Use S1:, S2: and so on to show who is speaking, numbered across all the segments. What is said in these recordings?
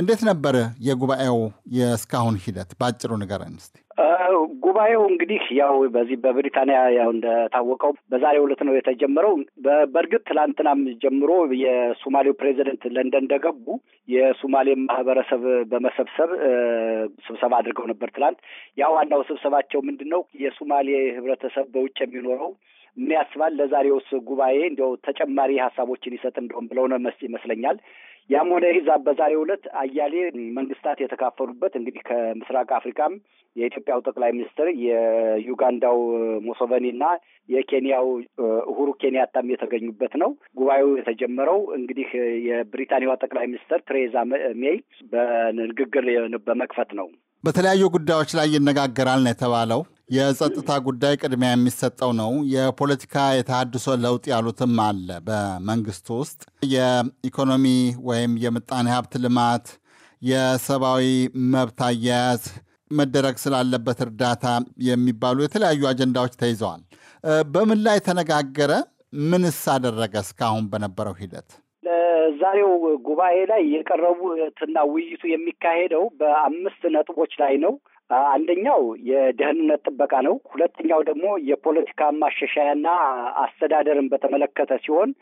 S1: እንዴት ነበረ የጉባኤው የእስካሁን ሂደት በአጭሩ ንገረን እስቲ።
S2: ጉባኤው እንግዲህ ያው በዚህ በብሪታንያ ያው እንደታወቀው በዛሬው ዕለት ነው የተጀመረው። በእርግጥ ትላንትናም ጀምሮ የሶማሌው ፕሬዚደንት ለንደን እንደገቡ የሶማሌ ማህበረሰብ በመሰብሰብ ስብሰባ አድርገው ነበር ትላንት። ያው ዋናው ስብሰባቸው ምንድን ነው የሶማሌ ህብረተሰብ በውጭ የሚኖረው ምን ያስባል፣ ለዛሬውስ ጉባኤ እንዲያው ተጨማሪ ሀሳቦችን ይሰጥ እንደሆን ብለው ነው ይመስለኛል ያም ሆነ ሂዛብ በዛሬው ዕለት አያሌ መንግስታት የተካፈሉበት እንግዲህ ከምስራቅ አፍሪካም የኢትዮጵያው ጠቅላይ ሚኒስትር የዩጋንዳው ሙሴቬኒ እና የኬንያው እሁሩ ኬንያታም የተገኙበት ነው። ጉባኤው የተጀመረው እንግዲህ የብሪታንያዋ ጠቅላይ ሚኒስትር ቴሬዛ ሜይ በንግግር በመክፈት ነው።
S1: በተለያዩ ጉዳዮች ላይ ይነጋገራል ነው የተባለው። የጸጥታ ጉዳይ ቅድሚያ የሚሰጠው ነው። የፖለቲካ የተሃድሶ ለውጥ ያሉትም አለ በመንግስቱ ውስጥ የኢኮኖሚ ወይም የምጣኔ ሀብት ልማት፣ የሰብአዊ መብት አያያዝ መደረግ ስላለበት እርዳታ የሚባሉ የተለያዩ አጀንዳዎች ተይዘዋል። በምን ላይ ተነጋገረ? ምንስ አደረገ? እስካሁን በነበረው ሂደት
S2: ዛሬው ጉባኤ ላይ የቀረቡትና ውይይቱ የሚካሄደው በአምስት ነጥቦች ላይ ነው። አንደኛው የደህንነት ጥበቃ ነው። ሁለተኛው ደግሞ የፖለቲካ ማሻሻያና አስተዳደርን በተመለከተ ሲሆን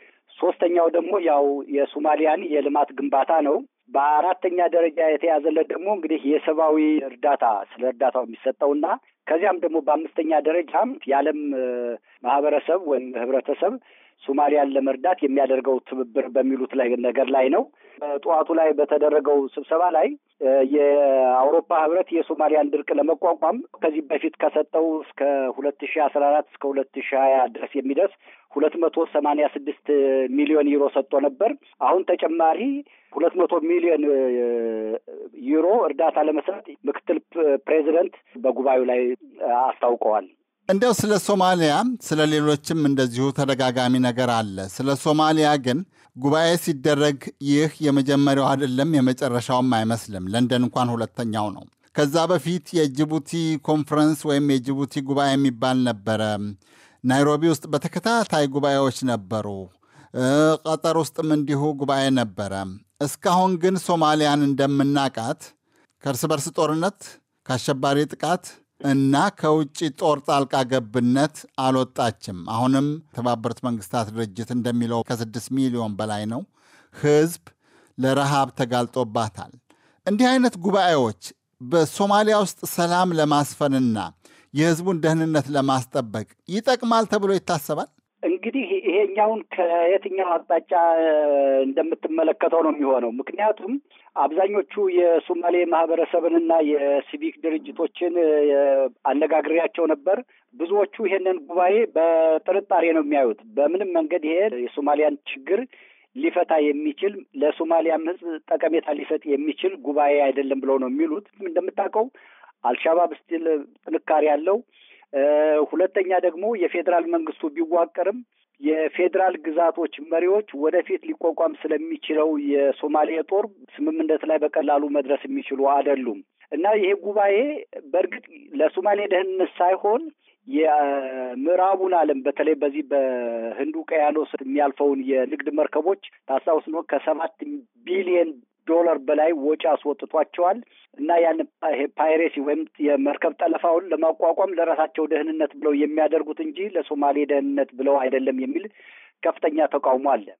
S2: ሶስተኛው ደግሞ ያው የሶማሊያን የልማት ግንባታ ነው። በአራተኛ ደረጃ የተያዘለት ደግሞ እንግዲህ የሰብአዊ እርዳታ ስለ እርዳታው የሚሰጠውና ከዚያም ደግሞ በአምስተኛ ደረጃም የዓለም ማህበረሰብ ወይም ህብረተሰብ ሶማሊያን ለመርዳት የሚያደርገው ትብብር በሚሉት ላይ ነገር ላይ ነው። በጠዋቱ ላይ በተደረገው ስብሰባ ላይ የአውሮፓ ህብረት የሶማሊያን ድርቅ ለመቋቋም ከዚህ በፊት ከሰጠው እስከ ሁለት ሺ አስራ አራት እስከ ሁለት ሺ ሀያ ድረስ የሚደርስ ሁለት መቶ ሰማኒያ ስድስት ሚሊዮን ዩሮ ሰጥቶ ነበር። አሁን ተጨማሪ ሁለት መቶ ሚሊዮን ዩሮ እርዳታ ለመስጠት ምክትል ፕሬዚደንት በጉባኤው ላይ አስታውቀዋል።
S1: እንዲያው ስለ ሶማሊያ ስለ ሌሎችም እንደዚሁ ተደጋጋሚ ነገር አለ። ስለ ሶማሊያ ግን ጉባኤ ሲደረግ ይህ የመጀመሪያው አይደለም፣ የመጨረሻውም አይመስልም። ለንደን እንኳን ሁለተኛው ነው። ከዛ በፊት የጅቡቲ ኮንፈረንስ ወይም የጅቡቲ ጉባኤ የሚባል ነበረ። ናይሮቢ ውስጥ በተከታታይ ጉባኤዎች ነበሩ። ቀጠር ውስጥም እንዲሁ ጉባኤ ነበረ። እስካሁን ግን ሶማሊያን እንደምናቃት ከእርስ በርስ ጦርነት፣ ከአሸባሪ ጥቃት እና ከውጭ ጦር ጣልቃ ገብነት አልወጣችም። አሁንም የተባበሩት መንግስታት ድርጅት እንደሚለው ከ ከ6 ሚሊዮን በላይ ነው ህዝብ ለረሃብ ተጋልጦባታል። እንዲህ አይነት ጉባኤዎች በሶማሊያ ውስጥ ሰላም ለማስፈንና የህዝቡን ደህንነት ለማስጠበቅ ይጠቅማል ተብሎ ይታሰባል።
S2: እንግዲህ ይሄኛውን ከየትኛው አቅጣጫ እንደምትመለከተው ነው የሚሆነው። ምክንያቱም አብዛኞቹ የሶማሌ ማህበረሰብንና የሲቪክ ድርጅቶችን አነጋግሬያቸው ነበር። ብዙዎቹ ይሄንን ጉባኤ በጥርጣሬ ነው የሚያዩት። በምንም መንገድ ይሄ የሶማሊያን ችግር ሊፈታ የሚችል ለሶማሊያም ሕዝብ ጠቀሜታ ሊሰጥ የሚችል ጉባኤ አይደለም ብለው ነው የሚሉት። እንደምታውቀው አልሻባብ ስቲል ጥንካሬ ያለው ሁለተኛ ደግሞ የፌዴራል መንግስቱ ቢዋቀርም የፌዴራል ግዛቶች መሪዎች ወደፊት ሊቋቋም ስለሚችለው የሶማሌ ጦር ስምምነት ላይ በቀላሉ መድረስ የሚችሉ አይደሉም እና ይሄ ጉባኤ በእርግጥ ለሶማሌ ደህንነት ሳይሆን የምዕራቡን ዓለም በተለይ በዚህ በህንዱ ውቅያኖስ የሚያልፈውን የንግድ መርከቦች ታስታውስ ነው ከሰባት ቢሊየን ዶላር በላይ ወጪ አስወጥቷቸዋል እና ያን ፓይሬሲ ወይም የመርከብ ጠለፋውን ለማቋቋም ለራሳቸው ደህንነት ብለው የሚያደርጉት እንጂ ለሶማሌ ደህንነት ብለው አይደለም የሚል ከፍተኛ ተቃውሞ አለ።